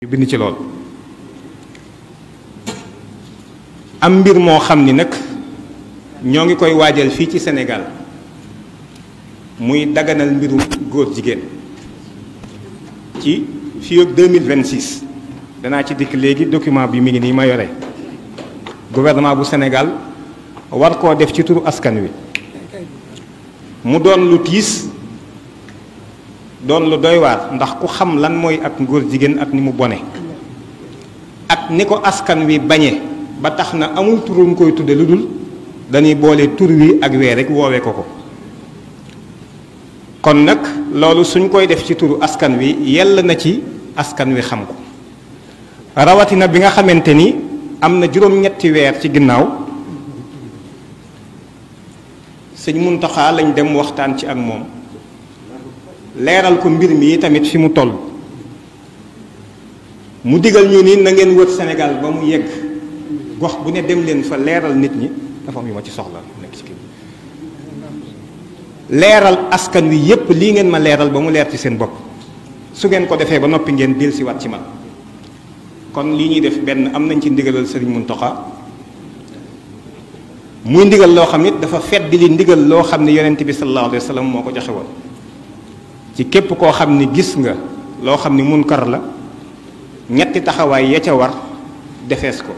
ñu bind ci lool am mbir moo xam ni nag ñoo ngi koy waajal fii ci Sénégal muy daganal mbiru góor jigéen ci fii ak 2026 danaa ci dikk léegi document bi mi ngi nii ma yore gouvernement bu Sénégal war koo def ci turu askan wi mu doon lu tiis doon lu doy waar ndax ku xam lan mooy ak ngóor jigéen ak ni mu bone ak ni ko askan wi bañe ba tax na amul turuñ koy tudde lu dul dañuy boole tur wi ak wee rek woowee ko ko kon nag loolu suñ koy def ci turu askan wi yell na ci askan wi xam ko rawatina bi nga xamante ni am na juróom-ñetti weer ci ginnaaw sëñ Muntaxa lañ dem waxtaan ci ak moom leeral ko mbir mi tamit fi mu toll mu digal ñu ni nangeen ngeen wër Sénégal ba mu yegg gox bu ne dem leen fa leeral nit ñi dafa am yu ci soxla leeral askan wi yépp lii ngeen ma leeral ba mu leer ci seen bopp su ngeen ko defee ba noppi ngeen dil si wat ci man kon lii ñuy def benn am nañ ci ndigalal Serigne Mountakha muy ndigal loo xam nit dafa fedd li ndigal loo xam ne yonent bi sallallahu alayhi wa sallam moo ko joxe woon ci képp koo xam ni gis nga loo xam ni munkar la ñetti taxawaay ya ca war defees ko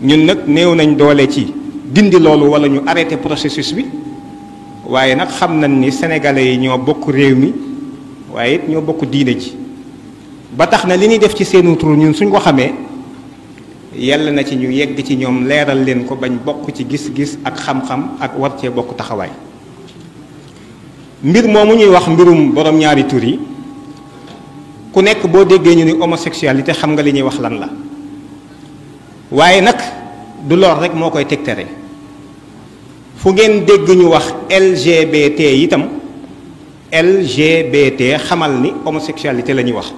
ñun nag néew nañ doole ci dindi loolu wala ñu arrêté processus bi waaye nag xam nañ ni sénégalais yi ñoo bokk réew mi waaye it ñoo bokk diine ji ba tax na li ñuy def ci seen tur ñun suñ ko xamee yàlla na ci ñu yegg ci ñoom leeral leen ko bañ bokk ci gis-gis ak xam-xam ak war cee bokk taxawaay mbir momu ñuy wax mbirum borom ñaari tur yi ku nekk bo déggé ñu ni homosexualité xam nga li ñuy wax lan la waaye nak du lor rek mo koy tektéré fu ngeen dégg ñu wax LGBT itam LGBT xamal ni homosexualité la ñuy wax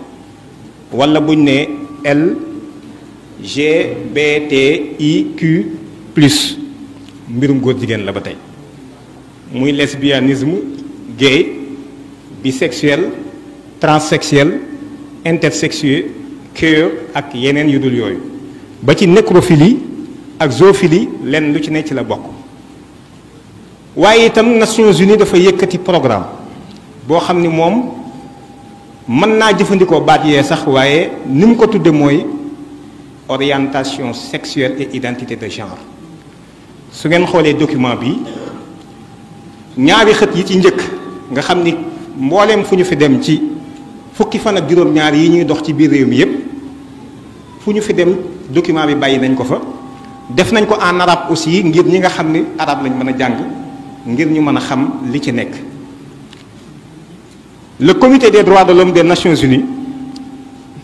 wala buñ i LGBTIQ plus mbirum góor jigéen la ba tey muy lesbianisme gay, bisexuel, transsexuel, intersexué, cœur ak yenen yudul yoy. ba ci nécrophilie ak zoophilie lenn lu ci ne ci la bokk Waye itam Nations Unies dafa yëkkati programme bo xamni mom man na jëfëndiko jëfandikoo baat yee sax waye nim ko tudde moy orientation sexuelle et identité de genre su ngeen xoolee document bi ñaari xëtt yi ci njëkk nga xam ni mbooleem fu ñu fi dem ci fukki fan ak juróom-ñaar yi ñuy dox ci biir réew mi yépp fu ñu fi dem document bi bàyyi nañ ko fa def nañ ko en arabe aussi ngir ñi nga xam ni arabe lañ mën a jàng ngir ñu mën a xam li ci nekk le commité de droits de l'homme de nations uni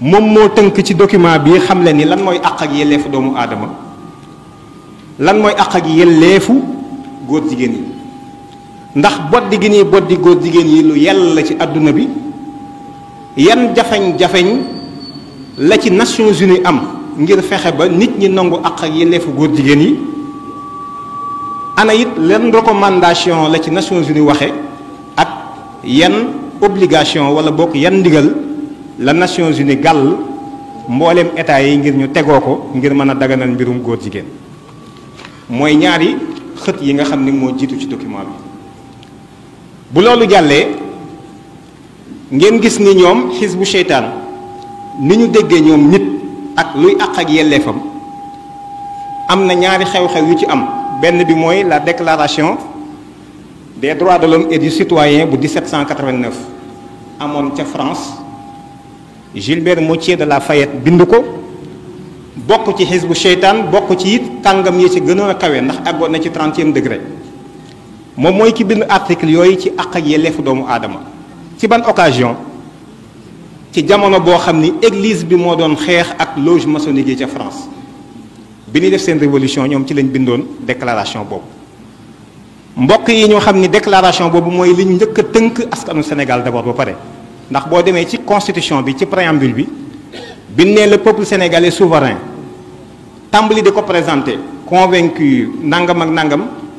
moom moo tënk ci document bi xam le ni lan mooy àq ak yelleefu doomu aadama lan mooy àq ak yelleefu góor jigéen yi ndax boddi gi ñuy boddi góor jigéen yi lu yell la ci àdduna bi yan jafeñ-jafeñ la ci Nations Unies am ngir fexe ba nit ñi nangu àq ak yelleefu góor jigéen yi ana it lan recommandation la ci Nations Unies waxe ak yan obligation wala bokk yan ndigal la Nations Unies gàll mbooleem état yi ngir ñu tegoo ko ngir mën a daganal mbirum góor jigéen mooy ñaari xët yi nga xam ni moo jiitu ci document bi bu loolu jàllee ngeen gis ni ñoom xisbu seytaan ni ñu déggee ñoom nit ak luy ak la déclaration des droits de l'homme et du citoyen bu 1789 amoon ca France Gilbert Moutier de La Fayette bind ko bokk ci xisbu bokk ci it yi ci gënoon a ndax na ci degré moom mooy ki bind article yooyu ci ak doomu aadama ci ban occasion ci jamono boo église bi ak loge France bi ñuy def seen révolution ñoom ci lañ bindoon déclaration boobu mbokk yi ñoo déclaration boobu askanu Sénégal d'abord ba pare ndax constitution bi ci préambule bi le peuple sénégalais souverain tàmbali di ko convaincu nangam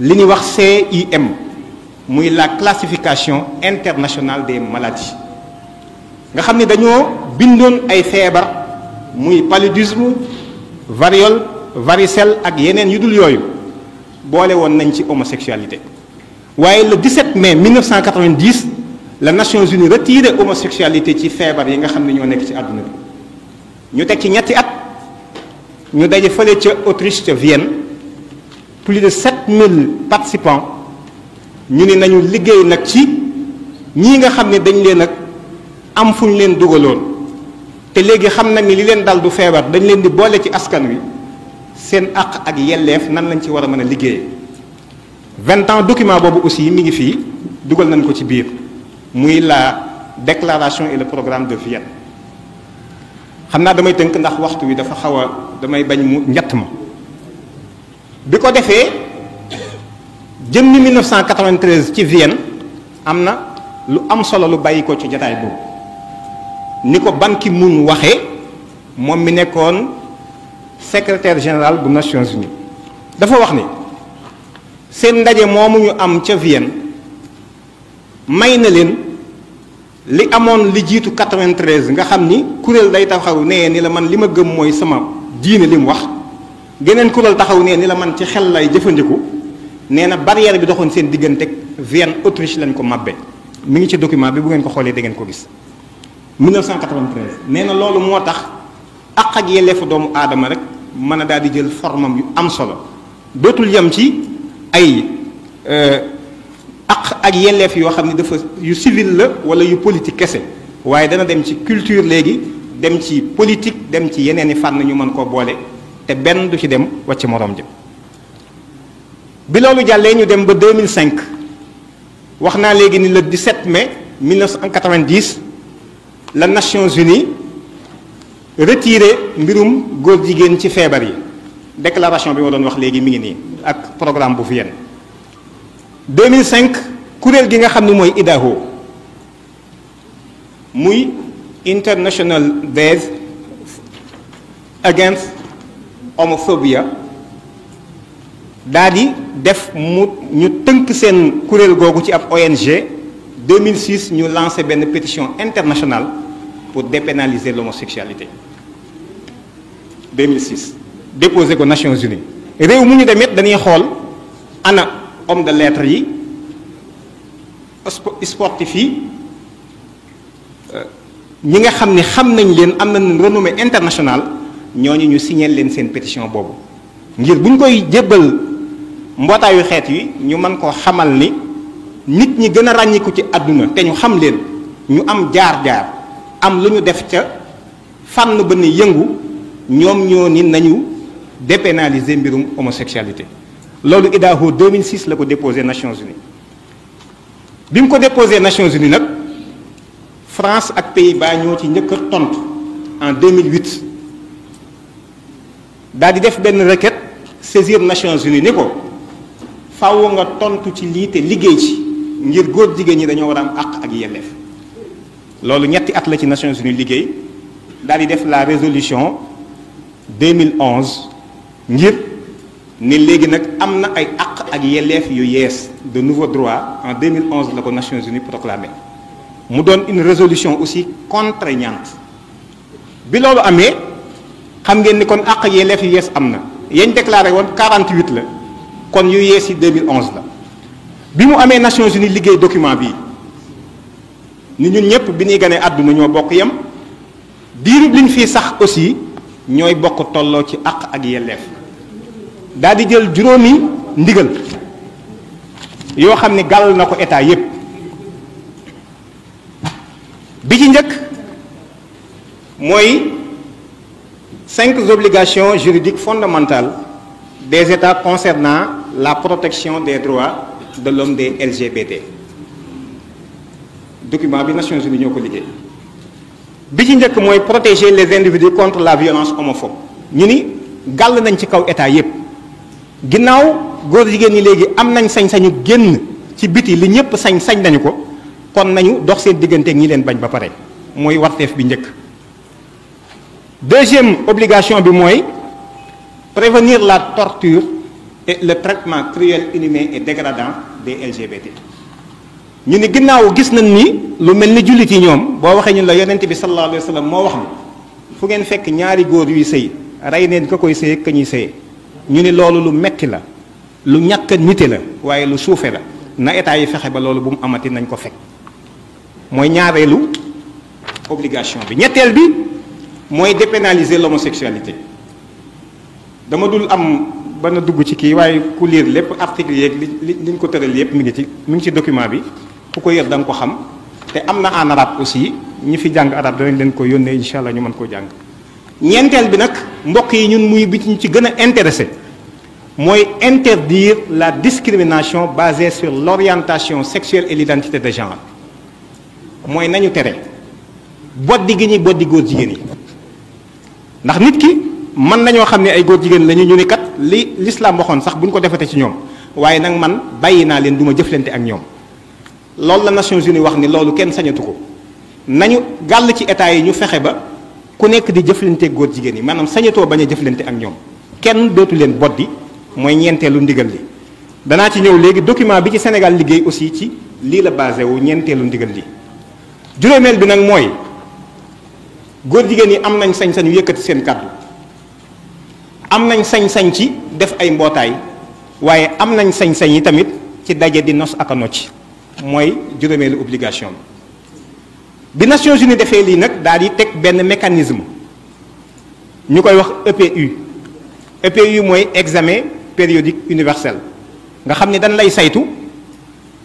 li ñuy wax CIM muy la classification internationale des maladies nga xam ne dañoo bindoon ay feebar muy paludisme variole varicelle ak yeneen yu dul yooyu boole woon nañ ci homosexualité waaye le 17 mai 1990 la Nations Unies retiré homosexualité ci feebar yi nga xam ne ñoo nekk ci àdduna bi ñu teg ci ñetti at ñu daje fële ca Autriche ca Vienne plus de 7000 participants ñu ne nañu liggéey nag ci ñii nga xam ne dañ leen ak am fuñ leen dugaloon te léegi xam na ni li leen dal du feebar dañ leen di boole ci askan wi seen àq ak yelleef nan lañ ci war a mën a vingt ans document boobu aussi mi ngi fii dugal nañ ko ci biir muy la déclaration et le programme de Vienne xam naa damay tënk ndax waxtu wi dafa xaw a damay bañ mu ñett ma bi ko defee jëmmi 1993 ci Vienne am na lu am solo lu bàyyi ko ci jataay boobu ni ko Ban Ki-moon waxee moom mi nekkoon secrétaire général bu Nations Unies dafa wax ni seen ndaje moomu ñu am ca Vienne may na leen li amoon li jiitu 93 nga xam ni kuréel day taxaw nee ni la man li ma gëm mooy sama diine li mu wax geneen kuréel taxaw nee ni la man ci xel lay jëfandiku nee na barrière bi doxoon seen diggante Vienne Autriche lañ ko màbbe mi ngi ci document bi bu ngeen ko xoolee da ngeen ko gis 1993 nee na loolu moo tax àq ak yelleefu doomu aadama rek mën a daal di jël formam yu am solo dootul yem ci ay euh, àq ak yelleef yoo xam ne dafa yu civil la wala yu politique kese waaye dana dem ci culture léegi dem ci politique dem ci yeneen i fànn ñu mën koo boole te benn du ci dem wàcc morom jëm bi loolu jàllee ñu dem ba 2005 wax naa léegi ni le 17 mai 1990 la Nations Unies retiré mbirum góor jigéen ci feebar yi déclaration bi ma doon wax léegi mi ngi ak programme bu fi 2005 kuréel gi nga xam ni IDAHO muy International des Against homophobia ...d'ailleurs, def mu ñu teunk sen kurel gogu ci ab ONG 2006 ñu lancé une pétition internationale pour dépénaliser l'homosexualité 2006 déposé aux Nations Unies réew mu ñu demet dañuy xol ana homme de lettres yi sportif yi euh, ñi nga xamni xam renommée internationale ñooñu ñu signé leen seen pétition boobu ngir buñ koy jébbal mbootaayu xeet yi ñu mën koo xamal ni nit ñi gën a ràññiku ci àdduna ñu xam ñu am jaar-jaar am lu def ca ni yëngu ñoo ni nañu dépénaliser homosexualité IDAHO 2006 la ko déposé Nations Unies bi mu ko déposé Nations Unies nag France ak Pays-Bas ci en 2008 daal di def benn requête saisir Nations Unies ni ko faaw nga tontu ci lii te liggéey ci ngir góor jigéen ñi dañoo war a am àq ak yelleef loolu ñetti at la ci Nations Unies liggéey daal def la résolution 2011 ngir ne léegi nag am na ay àq ak yelleef yu yees de nouveaux droits en 2011 la ko Nations Unies proclamé mu donne une résolution aussi contraignante bi loolu amee. xam ngeen ni kon àq yelleef yu yees am na yañ déclaré woon 48 la kon yu yees yi 2011 la bi mu amee Nations Unies liggéey document bii ni ñun ñëpp bi ñuy ganee àdduna ñoo bokk yem diirub liñ fi sax aussi ñooy bokk tolloo ci àq ak yelleef daldi jël juróomi ndigal yoo xam ni gàll na ko état yépp bi ci njëkk mooy cinq obligations juridiques fondamentales des États concernant la protection des droits de l'homme des LGBT document bi Nations Unies ñoo ko bi ci protéger les individus contre la violence homophobe Nini, ni gàll nañ ci kaw état yépp ginnaaw góor jigéen ñi léegi am nañ sañ-sañu génn ci biti li ñépp sañ sañ nañu kon nañu dox seen diggante ak ñi leen bañ ba pare mooy warteef bi deuxième obligation de moi prévenir la torture et le traitement cruel inhumain et dégradant des LGBT Nous ni vu gis nañ ni lu ni nous la yonent bi sallallahu alayhi nous les wax ni fu vu ñaari nous vu Nous nous neen vu koy Nous nous vu ñu la obligation bi vu moy dépénaliser l'homosexualité dama dul am bana dugg ci ki waye ku lire lepp article yeeg li liñ ko tëral yëpp mi ngi ci mi ngi ci document bi ku ko yër dang ko xam té amna en arabe aussi ñi fi jang arabe dañ leen ko yónnee inshallah ñu mën ko jang ñentel bi nak mbokk yi ñun muy bi ci gëna intéressé moy interdire la discrimination basée sur l'orientation sexuelle et l'identité de genre moy nañu téré boddi gi ñuy boddi góor jigéen yi ndax nit ki mën nañoo xam ne ay góor jigéen lañu ñu ni kat li lislaam waxoon sax bu ñu ko defate ci ñoom waaye nag man bàyyi naa leen du ma jëflante ak ñoom loolu la Nations Unies wax ni loolu kenn sañatu ko nañu gàll ci état yi ñu fexe ba ku nekk di jëflante góor jigéen yi maanaam sañatoo bañ a jëflante ak ñoom kenn dootu leen boddi mooy ñeenteelu ndigal li danaa ci ñëw léegi document bi ci Sénégal liggéey aussi ci lii la basé wu ñeenteelu ndigal li juróomeel bi nag mooy góor jigéen yi am nañ sañ-sañ yëkkati seen kàddu am nañ sañ-sañ ci def ay mbootaay waaye am nañ sañ-sañ yi tamit ci daje di nos ak a nocc mooy juróomeelu obligation bi Nations Unies defee lii nag daal di teg benn mécanisme ñu koy wax EPU EPU mooy examen périodique universel nga xam ne dañ lay saytu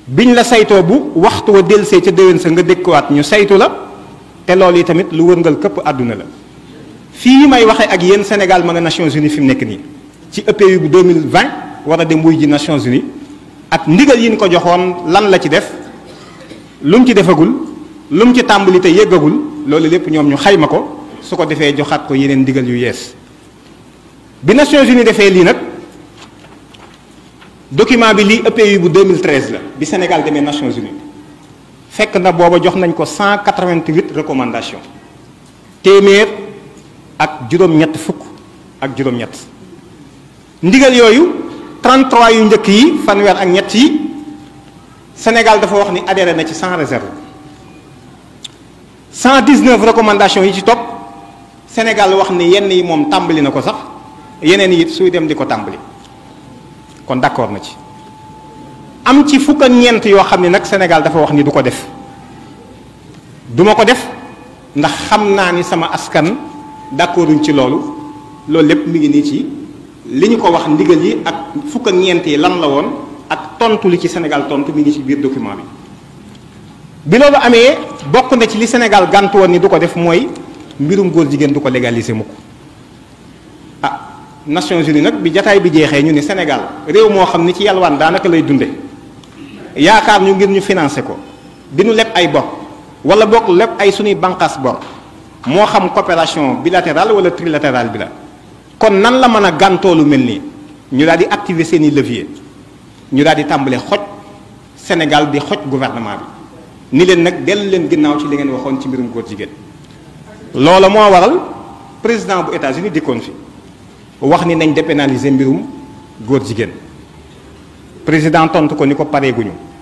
biñ la saytoo bu waxtu wa delsee ca déwén sa nga dëkkuwaat ñu saytu la te loolu tamit lu wërngal këpp àdduna la fii may waxe ak yéen Sénégal ma Nations Unies fi mu nekk nii ci EPU bu 2020 war a dem wuy ji Nations Unies ak ndigal yi ñu ko joxoon lan la ci def lu mu ci defagul lu mu ci tàmbali te yëggagul loolu lépp ñoom ñu xayma ko su ko defee joxaat ko yeneen ndigal yu yees bi Nations Unies defee lii nag document bi lii EPU bu 2013 la bi Sénégal demee Nations Unies fekk na jox nañ ko 188 recommandations ak ñett fukk ak ñett ndigal 33 yu njëkk yi Sénégal dafa wax ni na ci sans réserve 119 recommandations yi ci Sénégal wax ni yenn yi ko sax yi dem di ko d'accord na am ci fukk ñeent yoo xam ne nag Sénégal dafa wax ni du ko def duma ko def ndax xam naa ni sama askan d'accorduñ ci loolu loolu lépp mu ngi nii ci li ñu ko wax ndigal yi ak fukk ñeent yi lan la woon ak tontu li ci Sénégal tontu mi ngi ci biir document bi. bi loolu amee bokk na ci li Sénégal gàntu woon ni du ko def mooy mbirum góor jigéen du ko légaliser mukk ah Nations Unies nag bi jataay bi jeexee ñu ne Sénégal réew moo xam ni ci yalwaan daanaka lay dunde yaakaar ñu ngir ñu financé ko di ñu leb ay bor wala bokk leb ay suñuy banqaas bor moo xam coopération bilatérale wala trilatérale bi la kon nan la mën a gàntoo lu mel nii ñu daal di activer seen i levier ñu daal di tàmbale xoj Sénégal di xoj gouvernement bi ni leen nag dellu leen ginnaaw ci li ngeen waxoon ci mbirum góor jigéen loola moo waral président bu États-Unis dikkoon fi wax ni nañ dépénaliser mbirum góor jigéen président tontu ko ni ko pareeguñu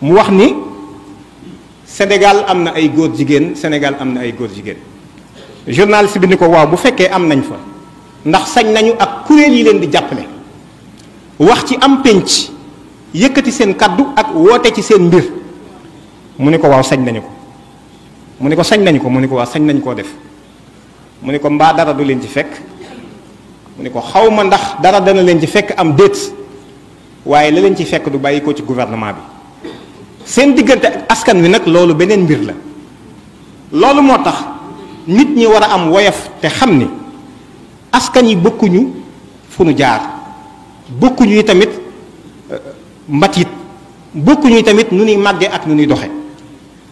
mu wax ni Sénégal am na ay góor jigéen Sénégal am na ay góor jigéen journaliste bi ni ko waaw bu fekkee am nañ fa ndax sañ nañu ak kuréel yi leen di jàppale wax ci am pénc yëkkati seen kàddu ak woote ci seen mbir mu ni ko waaw sañ nañu ko mu ni ko sañ nañu ko mu ni ko waaw sañ nañu koo def mu ni ko mbaa dara du leen ci fekk mu ni ko xaw ma ndax dara dana leen ci fekk am déet waaye la leen ci fekk du bàyyi ko ci gouvernement bi seen diggante ak askan wi nag loolu beneen mbir la loolu moo tax nit ñi war a am woyof te xam ni askan yi bokkuñu fu nu jaar bokkuñu tamit euh, mbatit bokkuñu tamit nu ñuy màggee ak nu ñuy doxe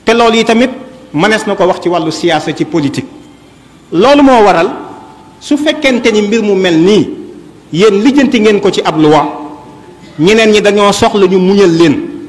te loolu yi tamit mënees na ko wax ci wàllu siyaasa ci politique loolu moo waral su fekkente ni mbir mu mel nii yéen lijjanti ngeen ko ci ab loi ñeneen ñi dañoo soxla ñu muñal leen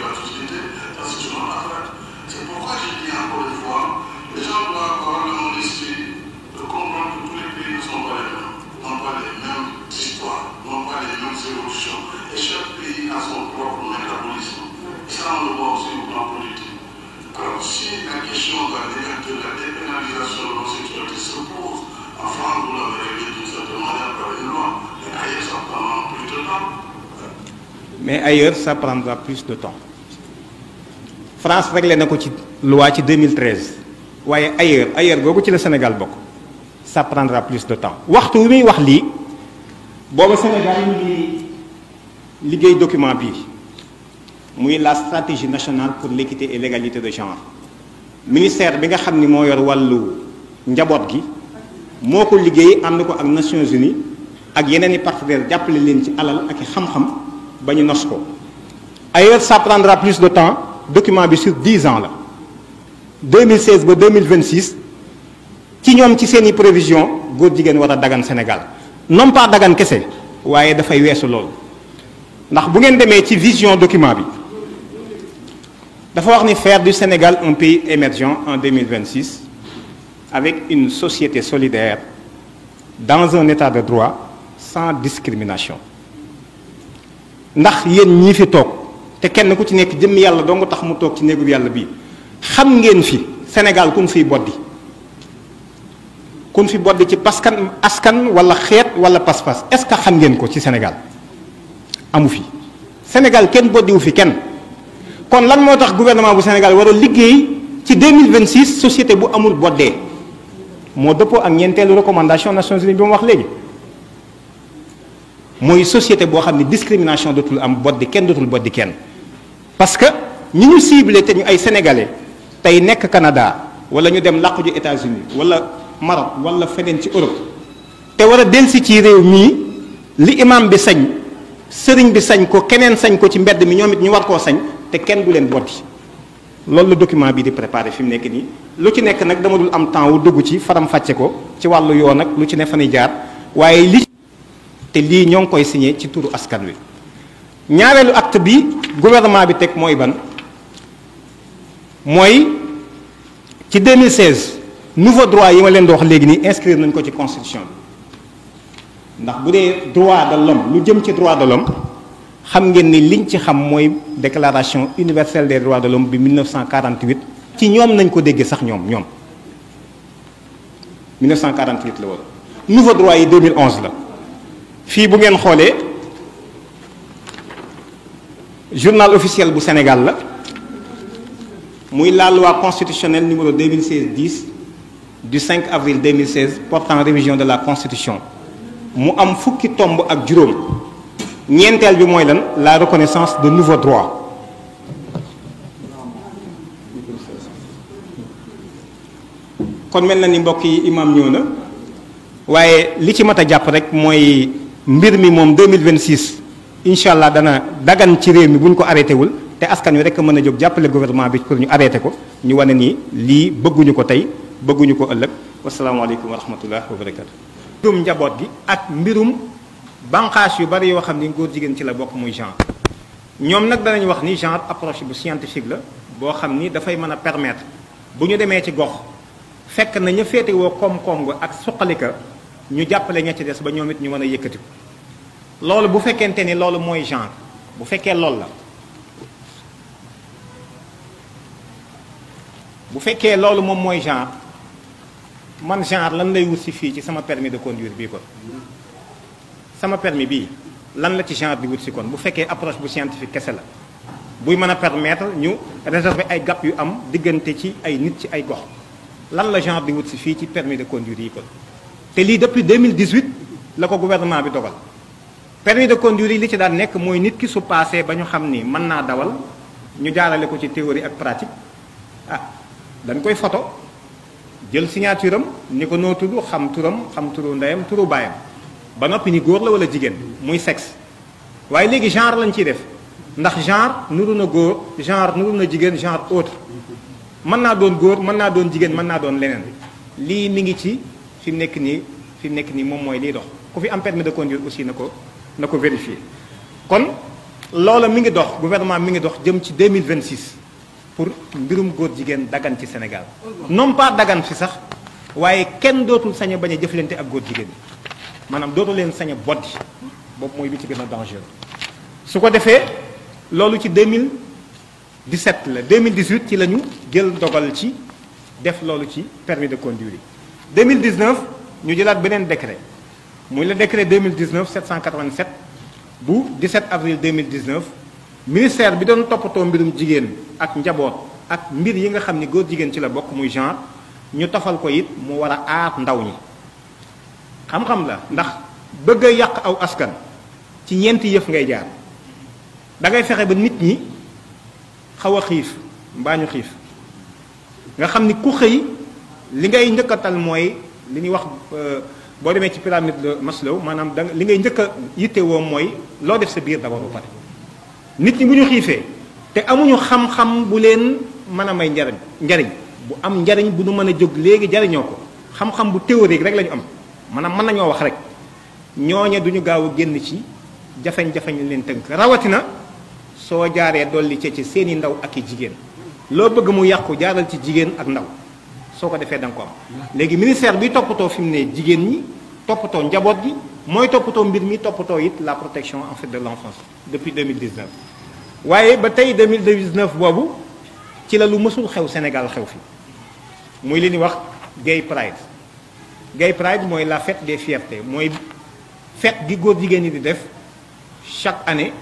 parce que la C'est pourquoi je dis encore une fois, les gens doivent avoir le monde esprit de comprendre que tous les pays ne sont pas les mêmes, n'ont pas les mêmes histoires, n'ont pas les mêmes évolutions. Et chaque pays a son propre métabolisme. Ça, on le voit aussi au plan politique. Alors, si la question de la de la dépénalisation de l'homosexualité se pose, en France, vous l'avez réglé d'une certaine manière par une loi, mais ailleurs, ça prend plus de temps mais ailleurs ça prendra plus de temps France règle la loi ci 2013 Mais ailleurs ailleurs googu ci le Sénégal ça prendra plus de temps waxtu wi muy wax lii booba Sénégal ñu ngi document bi la stratégie nationale pour l'équité et l'égalité de genre ministère bi nga pas ni moo yor wàllu a gi moo ko de ko Nations Unies ak yeneen les partenaires jàppale leen ci alal ak xam-xam ailleurs ça prendra plus de temps document bi sur 10 ans 2016 ba 2026 ci ñom ci une prévision góor jigéen dagan Sénégal non pas dagan kese da fay weesu lool ndax bu ngeen démé ci vision document bi dafa wax ni faire du Sénégal un pays émergent en 2026 avec une société solidaire dans un état de droit sans discrimination ndax yéen ñi fi tok te kenn ku ci nekk jëmm yàlla nga tax mu tok ci néegu yàlla bi xam ngeen fi Sénégal ku mu fiy boddi kun fi boddi ci paskan askan wala xeet wala pas-pas est-ce que xam ngeen ko ci Sénégal amu fi Sénégal kenn wu fi kenn kon lan moo tax gouvernement bu Sénégal war a liggéey ci 2026 société bu amul boddee moo dëppoo ak ñeenteelu recommandation Nations Unies bi mu wax léegi moy société bo xamni ne discrimination dootul am bot di kenn dootul bot di kenn parce que ñi ñu ciblé té ñu ay sénégalais tay nek Canada wala ñu dem laqju États-Unis wala Maroc wala fenen ci Europe té wara a delsi ci réew mi li imam bi sañ sëriñ bi sañ ko kenen sañ ko ci mbedd mi ñomit ñu war ko sañ té ken du len botti lolou le document bi di préparer fim nek ni lu ci nek nak dama dul am temps wu dugg ci faram faccé ko ci walu yo nak lu ci ne fan jaar waye li té li ñong koy signé ci turu askan wi ñaareelu acte bi gouvernement bi tek moy ban Moi, ci 2016 nouveau droit yi ma leen di wax inscrire nañ ko ci constitution ndax droit de l'homme lu jëm ci droit de l'homme xam ngeen ni liñ ci xam déclaration universelle des droits de l'homme de 1948 ci ñom nañ ko déggee sax ñom ñom 1948 le nouveau droit yi 2011 la fii bu ngeen journal officiel du Sénégal la la loi constitutionnelle numéro 2016-10 du 5 avril 2016 portant révision de la constitution mu am fukki tomb ak juróom ñeenteel bi mooy lan la reconnaissance de nouveaux droits kon mel na imam ñëw mbir mi moom 2026 incha allah dana dagan ci réew mi bu ñu ko arrêté wul te askan wi rek mën a jóg jàppale gouvernement bi pour ñu arrêté ko ñu wane nii lii bëgguñu ko tey bëgguñu ko ëllëg wasalaamaaleykum wa rahmatullah wa barakatu mbirum njaboot gi ak mbirum banqaas yu bari yoo xam ni góor jigéen ci la bokk muy genre ñoom nag danañ wax ni genre approche bu scientifique la boo xam ni dafay mën a permettre bu ñu demee ci gox fekk na ñu féetewoo koom-koom ak suqalika ñu jàppale ña ci des ba ñoom ñu mën a loolu bu fekkente ni loolu mooy genre bu fekkee loolu bu fekkee loolu genre permis de conduire bii kon sama permis bii lan la ci genre si kon bu approche scientifique kese buy mën a permettre ñu réserver ay gap yu am ci ay nit ci ay lan de conduire te lii depuis 2018 la ko gouvernement bi dogal permis de conduire yi li ci daan nekk mooy nit ki su paasee ba ñu xam ni mën naa dawal ñu jaarale ko ci théorie ak pratique ah dañ koy photo jël signature am ni ko noo tudd xam turam xam turu ndeyam turu baayam ba noppi ni góor la wala jigéen muy sexe waaye léegi genre lañ ciy def ndax genre nuru na góor genre nuru na jigéen genre autre mën naa doon góor mën naa doon jigéen mën naa doon leneen lii ngi ci fi nek ni, nii fi ni, mon nii d'or. mooy dox ku fi am permis de conduire aussi nako nako vérifier kon loola mi ngi dox gouvernement mi ngi dox jëm ci 2026 pour mbirum goor jigéen dagan ci Sénégal non pas dagan fi sax waaye kenn dootul sañ baña bañ ak goor jigéen manam dootul leen sañ a boddi boobu mooy bi ci gën a dangereux su ko ci 2017 la 2018 ci lañu ñu jël dogal ci def loolu ci permis de conduire 2019 ñu jëlaat beneen décret muy le décret 2019 787 bu 17 avril 2019 ministère bi doon toppatoo mbirum jigéen ak njaboot ak mbir yi nga xam ni góor jigéen ci la bokk muy genre ñu tofal ko it mu war a aar ndaw ñi xam-xam la ndax bëgg a yàq aw askan ci yent yëf ngay jaar da ngay fexe ba nit ñi xaw a xiif mbaa ñu xiif nga xam ni ku xëy li ngay njëkkatal mooy li ñuy wax euh, boo demee ci pyramide de Maslow maanaam da li ngay njëkk a yittewoo mooy loo def sa biir d'abord ba pare nit ñi bu ñu xiifee te amuñu xam-xam bu leen mën a may njariñ njariñ bu am njariñ bu nu mën a jóg léegi jariñoo ko xam-xam bu théorique rek la am maanaam mën nañoo wax rek ñooñe duñu gaaw a génn ci jafeñ-jafeñ leen tënk rawatina soo jaaree dolli ci ci seeni ndaw ak i jigéen loo bëgg mu yàqu jaaral ci jigéen ak ndaw soo ko defee da nga ko am léegi ministère bi toppatoo fi mu ne jigéen ñi toppatoo njaboot gi mooy toppatoo mbir mi toppatoo it la protection en fait de l'enfance depuis 2019 waaye ba tey 2019 boobu ci la lu mësul xew Sénégal xew fi muy li ñuy wax Gay Pride Gay Pride mooy la fête des fiertés mooy fête gi góor jigéen ñi di def chaque année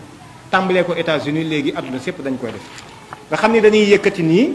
tàmbalee ko États-Unis léegi àdduna sépp dañ koy def nga xam ni dañuy yëkkati nii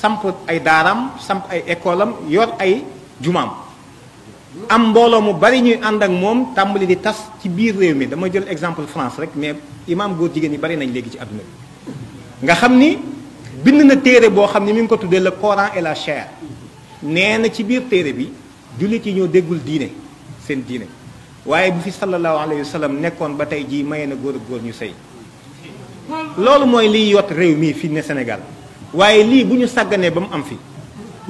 samp ay daaraam samp ay école am yor ay jumaam am mbooloo mu bari ñuy ànd ak moom tàmbali di tas ci biir réew mi dama jël exemple France rek mais imaam góor jigéen yi bari nañ léegi ci àdduna bi nga xam ni bind na téere boo xam ne mi ngi ko tuddee le Coran et la chair nee na ci biir téere bi jullit yi ñoo déggul diine seen diine waaye bu fi sallallahu alayhi wa nekkoon ba tey jii maye na góor a góor ñu sëy loolu mooy liy yot réew mii fii ne Sénégal waaye lii bu ñu sàgganee ba mu am fi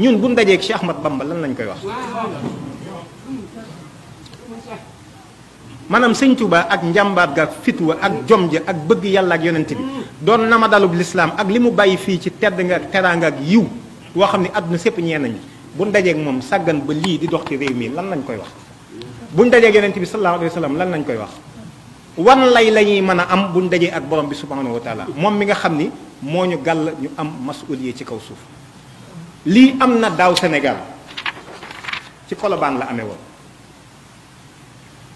ñun bu ndajeek Cheikh Ahmad Bamba lan lañ koy wax maanaam sëñ ak njàmbaat ga ak fitwa ak jom ja ak bëgg yàlla ak yonent bi doon na ma dalub lislaam ak li mu bàyyi fii ci tedd nga ak teraanga ak yiw woo xam ne àdduna sépp ñee nañu bu ndajeek moom sàggan ba lii di dox ci réew mi lan lañ koy wax bu ndajeek yonent bi sallallahu alayhi wa lan lañ koy wax wan lay la ñuy mën a am bu dajee ak borom bi subhanahu wa taala moom mi nga xam ni moo ñu gàll ñu am masuliye ci kaw suuf lii am na daaw senegal ci Colobane la amee woon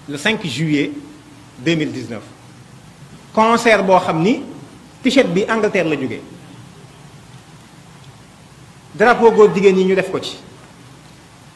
le 5 juillet 2019 concert boo xam ni t bi Angleterre la jóge drapeau góor jigéen ñi ñu def ko ci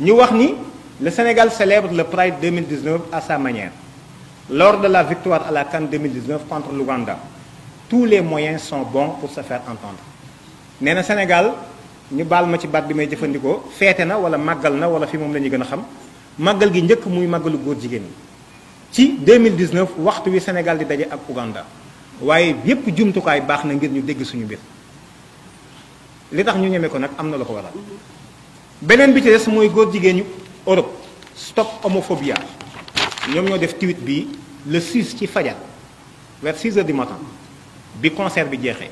Nous wax ni le Sénégal célèbre le Pride 2019 à sa manière lors de la victoire à la Cannes 2019 contre l'Ouganda tous les moyens sont bons pour se faire entendre néna Sénégal ñu bal ma ci bat bi may jëfandikoo ou na wala magal na wala fi mom la gëna xam magal gi ñëk muy magalu goor jigen ci 2019 waxtu wi Sénégal di dajé ak Ouganda waye yépp kay baax na ngir ñu dégg suñu bir li tax ñu ñëmé ko beneen bi ci des mooy góor jigéenu Europe stop homophobia ñoom ñoo def tweet bi le 6 ci fajar vers 6 heures du matin bi concert bi jeexee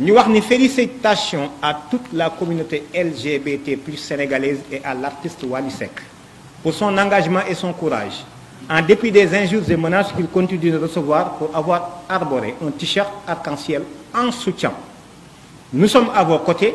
ñu wax ni félicitations à toute la communauté LGBT plus sénégalaise et à l'artiste Wally pour son engagement et son courage en dépit des injures et menaces qu'il continue de recevoir pour avoir arboré un t-shirt arc-en-ciel en soutien nous sommes à vos côtés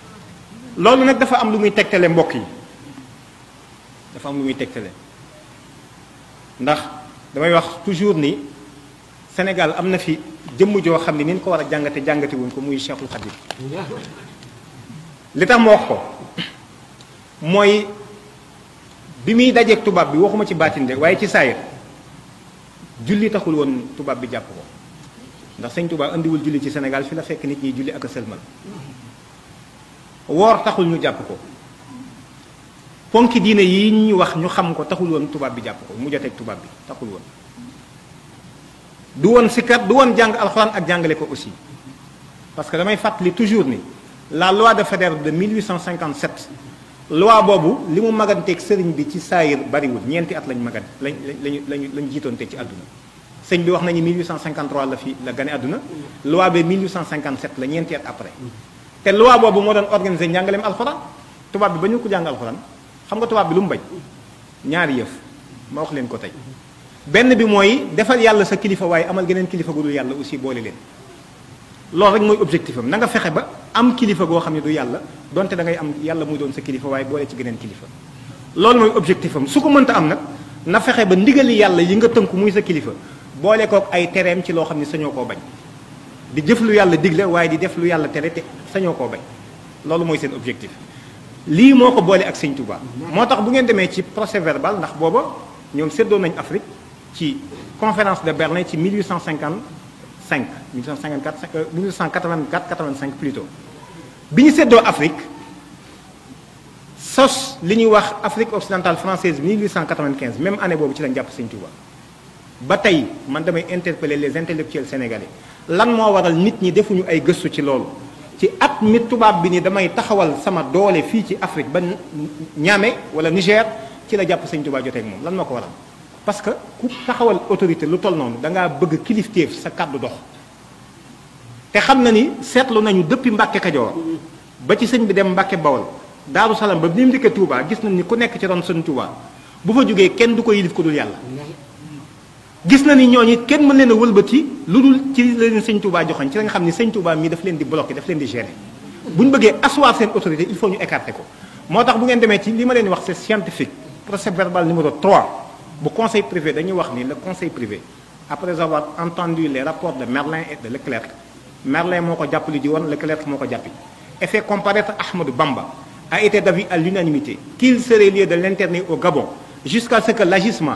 loolu nag dafa am lu muy tegtale mbokk yi dafa am lu muy tegtale ndax damay wax toujours ni Sénégal am na fi jëmm joo xam ne ni ñu ko war a jàngate jàngate wuñ ko muy Cheikhul Khadim li tax ma wax ko mooy bi muy dajeek tubaab bi waxuma ci baatin de waaye ci saayir julli taxul woon tubaab bi jàpp ko ndax sañ tubaab indiwul julli ci Sénégal fi la fekk nit ñi julli ak a sëlmal woor taxul ñu japp ko ponki diine yi ñu wax ñu xam ko taxul won tubab bi japp ko mu jotté tubab bi taxul won du won sikkat du won jang alcorane ak jangale ko aussi parce que damay fatli, toujours ni la loi de fédère de 1857 loi bobu limu mu ak serigne bi ci bari wul ñenti at lañ magan lañ lañ lañ jitonté ci aduna serigne bi wax nañu 1853 la fi la gane aduna loi bi 1857 la ñenti at après te loi boobu moo doon organiser njàngaleem alxuraan tubaab bi ba ñu ko jàng alxuraan xam nga tubaab bi lu mu bañ ñaari yëf ma wax leen ko tey benn bi mooy defal yàlla sa kilifa waaye amal geneen kilifa gu yàlla aussi boole leen loolu rek mooy objectif am na nga fexe ba am kilifa goo xam ne du yàlla donte da ngay am yàlla muy doon sa kilifa waaye boole ci geneen kilifa loolu mooy objectif am su ko mënta am nag na fexe ba ndigali yàlla yi nga tënku muy sa kilifa boole kook ay tereem ci loo xam ne sañoo koo bañ di jëf lu yàlla digle waaye di def lu yàlla tere te sañoo koo bañ loolu mooy seen objectif lii moo ko boole ak sëñ Touba. moo tax bu ngeen demee ci procès verbal ndax booba ñoom séddoo nañ Afrique ci conférence de Berlin ci 1855 1854 1884 85 plutôt bi ñu séddoo Afrique sos li ñuy wax Afrique occidentale française 1895 même année boobu ci lañ jàpp sëñ Touba ba tey man damay interpeller les intellectuels sénégalais. lan moo waral nit ñi defuñu ay gëstu ci loolu ci at mi tubaab bi ni damay taxawal sama doole fii ci Afrique ba Niamey wala Niger ci la jàpp sëñ Tuubaa joteeg moom lan moo ko waral parce que ku taxawal autorité lu toll noonu da ngaa bëgg kilifteef sa kàddu dox te xam na ni seetlu nañu depuis Mbàkke Kajoor ba ci sëñ bi dem Mbàkke Bawol Daaru Salaam ba ni mu dikkee Touba gis nañ ni ku nekk ci ron sëñ Touba bu fa jógee kenn du ko yilif ko dul yàlla gis na ni ñooñu kenn mën leen a wëlbati lu dul ci leen sëñ Touba joxoñ ci la nga xam ne sëñ Touba mii daf leen di bloqué daf leen di gérer bu ñu bëggee asseoir seen autorité il faut ñu écarter ko moo tax bu ngeen demee ci li ma leen wax c'est scientifique procès verbal numéro 3 bu conseil privé dañuy wax ni le conseil privé après avoir entendu les rapports de Merlin et de Leclerc Merlin moo ko jàppali ji woon Leclerc moo ko jàppi et fait comparaître Ahmadou Bamba a été d'avis à l'unanimité qu'il serait lieu de l'internet au Gabon jusqu'à ce que l'agissement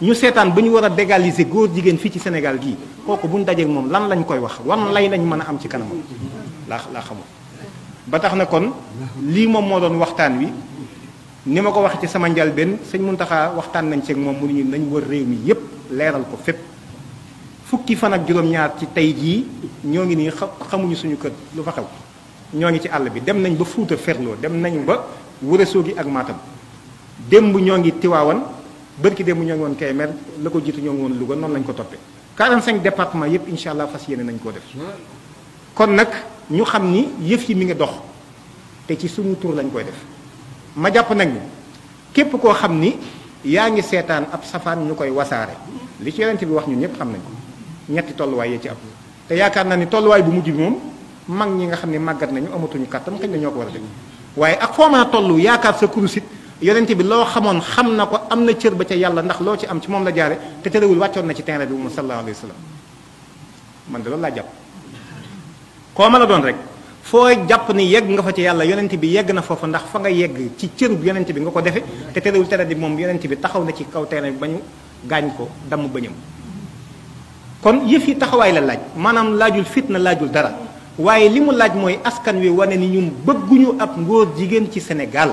ñu seetaan ba ñu war a dégaliser góor jigéen fii ci Sénégal gii kooku bu ñu dajeek moom lan lañ koy wax wan lay lañ mën a am ci kanamam laa laa xamul ba tax na kon lii moom moo doon waxtaan wi ni ma ko waxee ci sama njalbeen sëñ Muntaxa waxtaan nañ ceeg moom mu ne ñu nañ wër réew mi yépp leeral ko fépp fukki fan ak juróom-ñaar ci tey jii ñoo ngi nii xamuñu suñu kër lu fa xew ñoo ngi ci àll bi dem nañ ba Fuuta Ferlo dem nañu ba Wuro gi ak Matam démb ñoo ngi Tiwaawan bërki dem ñoo ngi woon Kébémer la ko jiitu ñoo ngi woon Louga noonu lañ ko toppee 45 département yëpp incha allah fas yéene nañ koo def kon nag ñu xam ni yëf yi mi ngi dox te ci suñu tur lañ koy def ma jàpp nag ni képp koo xam ni yaa ngi seetaan ab safaan ñu koy wasaare li ci yonent bi wax ñun ñëpp xam nañ ko ñetti tolluwaay yee ci am te yaakaar naa ni tolluwaay bu mujj bi moom mag ñi nga xam ne màggat nañu amatuñu kàttan xëy na ko a def yonente bi loo xamoon xam na ko am na cër ba ca yàlla ndax loo ci am ci moom la jaare te terewul wàccoon na ci terrain bi mu sallallahu alayhi wa sallam man de loolu laa jàpp koo ma la doon rek foo jàpp ni yegg nga fa ci yàlla yonente bi yegg na foofu ndax fa nga yegg ci cër bu yonente bi nga ko defe te terewul terrain bi moom yonente bi taxaw na ci kaw terrain bi ba ñu gaañ ko damm bañam kon yëf yi taxawaay la laaj maanaam laajul fitna laajul dara waaye li mu laaj mooy askan wi wane ni ñun bëgguñu ab ngóor jigéen ci Sénégal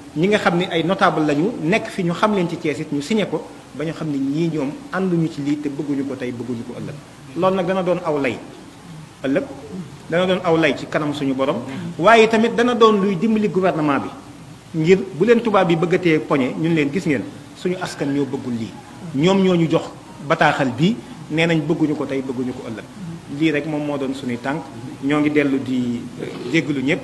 ñi nga xam ne ay notable lañu nekk fi ñu xam leen ci Thiès it ñu signé ko ba ñu xam ne ñii ñoom ànduñu ci lii te bëgguñu ko tey bëgguñu ko ëllëg loolu nag dana doon aw lay ëllëg dana doon aw lay ci kanam suñu borom waaye tamit dana doon luy dimbali gouvernement bi ngir bu leen tubaab bi bëggatee poñe ñun leen gis ngeen suñu askan ñoo bëggul lii ñoom ñoo ñu jox bataaxal bii nee nañ bëgguñu ko tey bëgguñu ko lii rek moom moo doon suñuy tànk ñoo ngi dellu di euh, jéggalu ñëpp